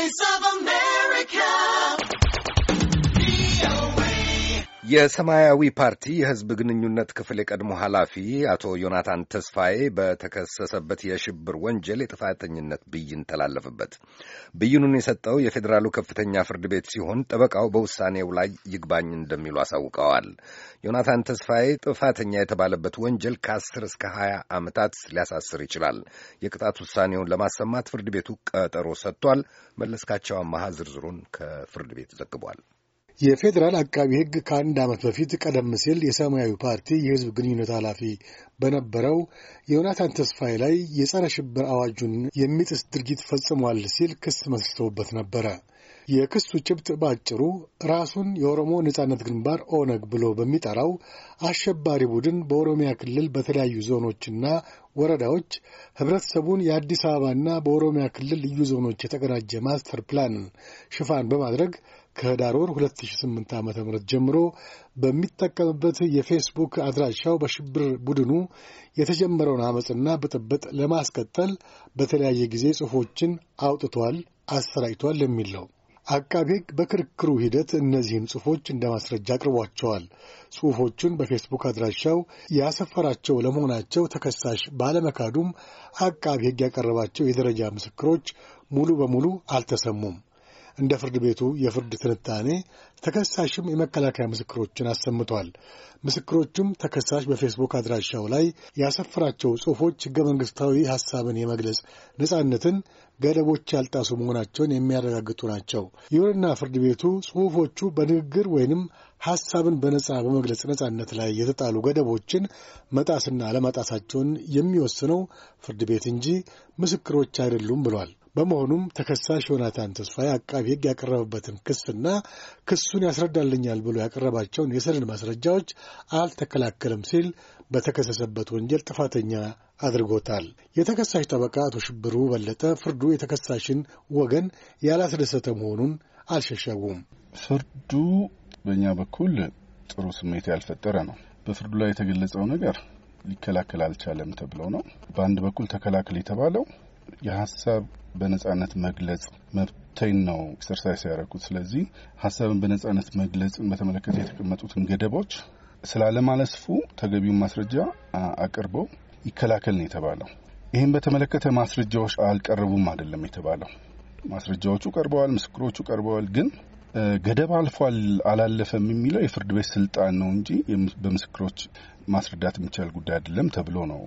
Voice of America የሰማያዊ ፓርቲ የሕዝብ ግንኙነት ክፍል የቀድሞ ኃላፊ አቶ ዮናታን ተስፋዬ በተከሰሰበት የሽብር ወንጀል የጥፋተኝነት ብይን ተላለፈበት። ብይኑን የሰጠው የፌዴራሉ ከፍተኛ ፍርድ ቤት ሲሆን ጠበቃው በውሳኔው ላይ ይግባኝ እንደሚሉ አሳውቀዋል። ዮናታን ተስፋዬ ጥፋተኛ የተባለበት ወንጀል ከአስር እስከ ሀያ ዓመታት ሊያሳስር ይችላል። የቅጣት ውሳኔውን ለማሰማት ፍርድ ቤቱ ቀጠሮ ሰጥቷል። መለስካቸው አማሃ ዝርዝሩን ከፍርድ ቤት ዘግቧል። የፌዴራል አቃቢ ሕግ ከአንድ ዓመት በፊት ቀደም ሲል የሰማያዊ ፓርቲ የሕዝብ ግንኙነት ኃላፊ በነበረው ዮናታን ተስፋዬ ላይ የጸረ ሽብር አዋጁን የሚጥስ ድርጊት ፈጽሟል ሲል ክስ መስርቶበት ነበረ። የክሱ ጭብጥ በአጭሩ ራሱን የኦሮሞ ነጻነት ግንባር ኦነግ ብሎ በሚጠራው አሸባሪ ቡድን በኦሮሚያ ክልል በተለያዩ ዞኖችና ወረዳዎች ህብረተሰቡን የአዲስ አበባና በኦሮሚያ ክልል ልዩ ዞኖች የተቀናጀ ማስተር ፕላን ሽፋን በማድረግ ከህዳር ወር 2008 ዓ ም ጀምሮ በሚጠቀምበት የፌስቡክ አድራሻው በሽብር ቡድኑ የተጀመረውን አመፅና ብጥብጥ ለማስቀጠል በተለያየ ጊዜ ጽሑፎችን አውጥቷል፣ አሰራጭቷል የሚል ነው። አቃቤ ሕግ በክርክሩ ሂደት እነዚህን ጽሑፎች እንደ ማስረጃ አቅርቧቸዋል። ጽሑፎቹን በፌስቡክ አድራሻው ያሰፈራቸው ለመሆናቸው ተከሳሽ ባለመካዱም አቃቤ ሕግ ያቀረባቸው የደረጃ ምስክሮች ሙሉ በሙሉ አልተሰሙም። እንደ ፍርድ ቤቱ የፍርድ ትንታኔ ተከሳሽም የመከላከያ ምስክሮችን አሰምቷል። ምስክሮቹም ተከሳሽ በፌስቡክ አድራሻው ላይ ያሰፈራቸው ጽሑፎች ሕገ መንግሥታዊ ሐሳብን የመግለጽ ነጻነትን ገደቦች ያልጣሱ መሆናቸውን የሚያረጋግጡ ናቸው። ይሁንና ፍርድ ቤቱ ጽሑፎቹ በንግግር ወይንም ሐሳብን በነጻ በመግለጽ ነጻነት ላይ የተጣሉ ገደቦችን መጣስና አለመጣሳቸውን የሚወስነው ፍርድ ቤት እንጂ ምስክሮች አይደሉም ብሏል። በመሆኑም ተከሳሽ ዮናታን ተስፋዬ አቃቢ ሕግ ያቀረበበትን ክስና ክሱን ያስረዳልኛል ብሎ ያቀረባቸውን የሰነድ ማስረጃዎች አልተከላከልም ሲል በተከሰሰበት ወንጀል ጥፋተኛ አድርጎታል። የተከሳሽ ጠበቃ አቶ ሽብሩ በለጠ ፍርዱ የተከሳሽን ወገን ያላስደሰተ መሆኑን አልሸሸጉም። ፍርዱ በእኛ በኩል ጥሩ ስሜት ያልፈጠረ ነው። በፍርዱ ላይ የተገለጸው ነገር ሊከላከል አልቻለም ተብለው ነው። በአንድ በኩል ተከላከል የተባለው የሀሳብ በነጻነት መግለጽ መብተኝ ነው ኤክሰርሳይዝ ያደረኩት። ስለዚህ ሀሳብን በነጻነት መግለጽን በተመለከተ የተቀመጡትን ገደቦች ስላለማለስፉ ተገቢውን ማስረጃ አቅርበው ይከላከል ነው የተባለው። ይህም በተመለከተ ማስረጃዎች አልቀረቡም አይደለም የተባለው። ማስረጃዎቹ ቀርበዋል፣ ምስክሮቹ ቀርበዋል። ግን ገደብ አልፏል አላለፈም የሚለው የፍርድ ቤት ስልጣን ነው እንጂ በምስክሮች ማስረዳት የሚቻል ጉዳይ አይደለም ተብሎ ነው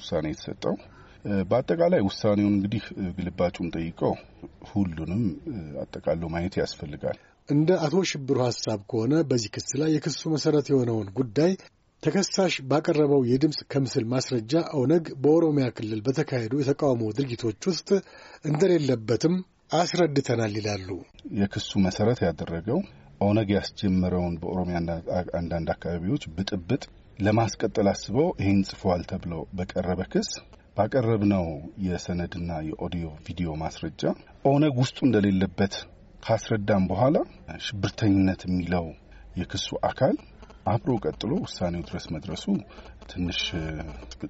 ውሳኔ የተሰጠው። በአጠቃላይ ውሳኔውን እንግዲህ ግልባጩን ጠይቀው ሁሉንም አጠቃሎ ማየት ያስፈልጋል። እንደ አቶ ሽብሩ ሀሳብ ከሆነ በዚህ ክስ ላይ የክሱ መሰረት የሆነውን ጉዳይ ተከሳሽ ባቀረበው የድምፅ ከምስል ማስረጃ ኦነግ በኦሮሚያ ክልል በተካሄዱ የተቃውሞ ድርጊቶች ውስጥ እንደሌለበትም አስረድተናል ይላሉ። የክሱ መሰረት ያደረገው ኦነግ ያስጀመረውን በኦሮሚያ አንዳንድ አካባቢዎች ብጥብጥ ለማስቀጠል አስበው ይህን ጽፏል ተብሎ በቀረበ ክስ ባቀረብነው የሰነድና የኦዲዮ ቪዲዮ ማስረጃ ኦነግ ውስጡ እንደሌለበት ካስረዳም በኋላ ሽብርተኝነት የሚለው የክሱ አካል አብሮ ቀጥሎ ውሳኔው ድረስ መድረሱ ትንሽ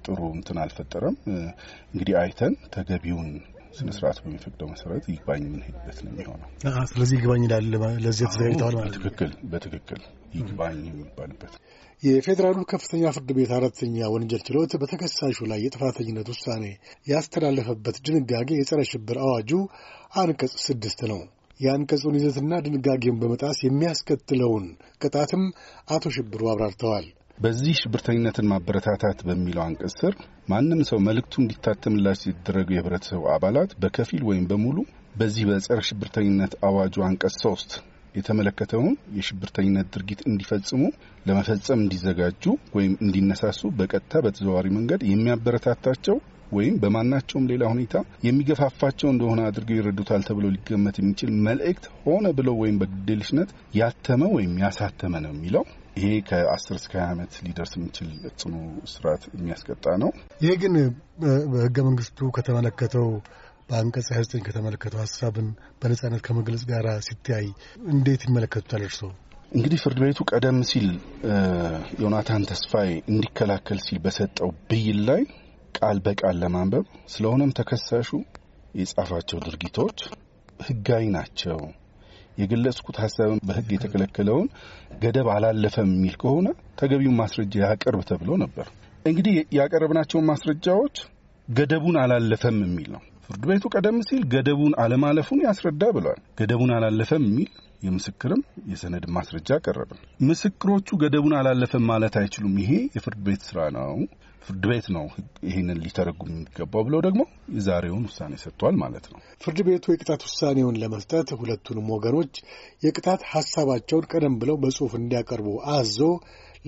ጥሩ እንትን አልፈጠረም። እንግዲህ አይተን ተገቢውን ስነስርዓት በሚፈቅደው መሰረት ይግባኝ የምንሄድበት ነው የሚሆነው። ስለዚህ ይግባኝ ይላል። ለዚህ ተዘጋጅተዋል ማለት ትክክል፣ በትክክል ይግባኝ የሚባልበት የፌዴራሉ ከፍተኛ ፍርድ ቤት አራተኛ ወንጀል ችሎት በተከሳሹ ላይ የጥፋተኝነት ውሳኔ ያስተላለፈበት ድንጋጌ የጸረ ሽብር አዋጁ አንቀጽ ስድስት ነው። የአንቀጹን ይዘትና ድንጋጌውን በመጣስ የሚያስከትለውን ቅጣትም አቶ ሽብሩ አብራርተዋል። በዚህ ሽብርተኝነትን ማበረታታት በሚለው አንቀጽ ስር ማንም ሰው መልእክቱ እንዲታተምላቸው የተደረጉ የህብረተሰቡ አባላት በከፊል ወይም በሙሉ በዚህ በጸረ ሽብርተኝነት አዋጁ አንቀጽ ሶስት የተመለከተውን የሽብርተኝነት ድርጊት እንዲፈጽሙ ለመፈጸም እንዲዘጋጁ ወይም እንዲነሳሱ በቀጥታ በተዘዋዋሪ መንገድ የሚያበረታታቸው ወይም በማናቸውም ሌላ ሁኔታ የሚገፋፋቸው እንደሆነ አድርገው ይረዱታል ተብሎ ሊገመት የሚችል መልእክት ሆነ ብለው ወይም በግዴለሽነት ያተመ ወይም ያሳተመ ነው የሚለው ይሄ ከ ከ10 እስከ 20 ዓመት ሊደርስ የሚችል ጽኑ ስርዓት የሚያስቀጣ ነው። ይሄ ግን በህገ መንግስቱ ከተመለከተው በአንቀጽ 29 ከተመለከተው ሀሳብን በነጻነት ከመግለጽ ጋር ሲታይ እንዴት ይመለከቱታል እርስዎ? እንግዲህ ፍርድ ቤቱ ቀደም ሲል ዮናታን ተስፋዬ እንዲከላከል ሲል በሰጠው ብይን ላይ ቃል በቃል ለማንበብ ስለሆነም ተከሳሹ የጻፋቸው ድርጊቶች ህጋዊ ናቸው፣ የገለጽኩት ሀሳብን በህግ የተከለከለውን ገደብ አላለፈም የሚል ከሆነ ተገቢውን ማስረጃ ያቅርብ ተብሎ ነበር። እንግዲህ ያቀረብናቸውን ማስረጃዎች ገደቡን አላለፈም የሚል ነው። ፍርድ ቤቱ ቀደም ሲል ገደቡን አለማለፉን ያስረዳ ብሏል። ገደቡን አላለፈም የሚል የምስክርም የሰነድ ማስረጃ አቀረብን። ምስክሮቹ ገደቡን አላለፈም ማለት አይችሉም። ይሄ የፍርድ ቤት ስራ ነው። ፍርድ ቤት ነው ይህንን ሊተረጉም የሚገባው ብለው ደግሞ የዛሬውን ውሳኔ ሰጥቷል ማለት ነው። ፍርድ ቤቱ የቅጣት ውሳኔውን ለመስጠት ሁለቱንም ወገኖች የቅጣት ሀሳባቸውን ቀደም ብለው በጽሁፍ እንዲያቀርቡ አዞ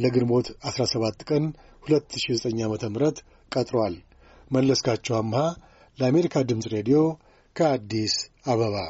ለግንቦት 17 ቀን 2009 ዓ ም ቀጥሯል። መለስካቸው አምሃ ለአሜሪካ ድምፅ ሬዲዮ ከአዲስ አበባ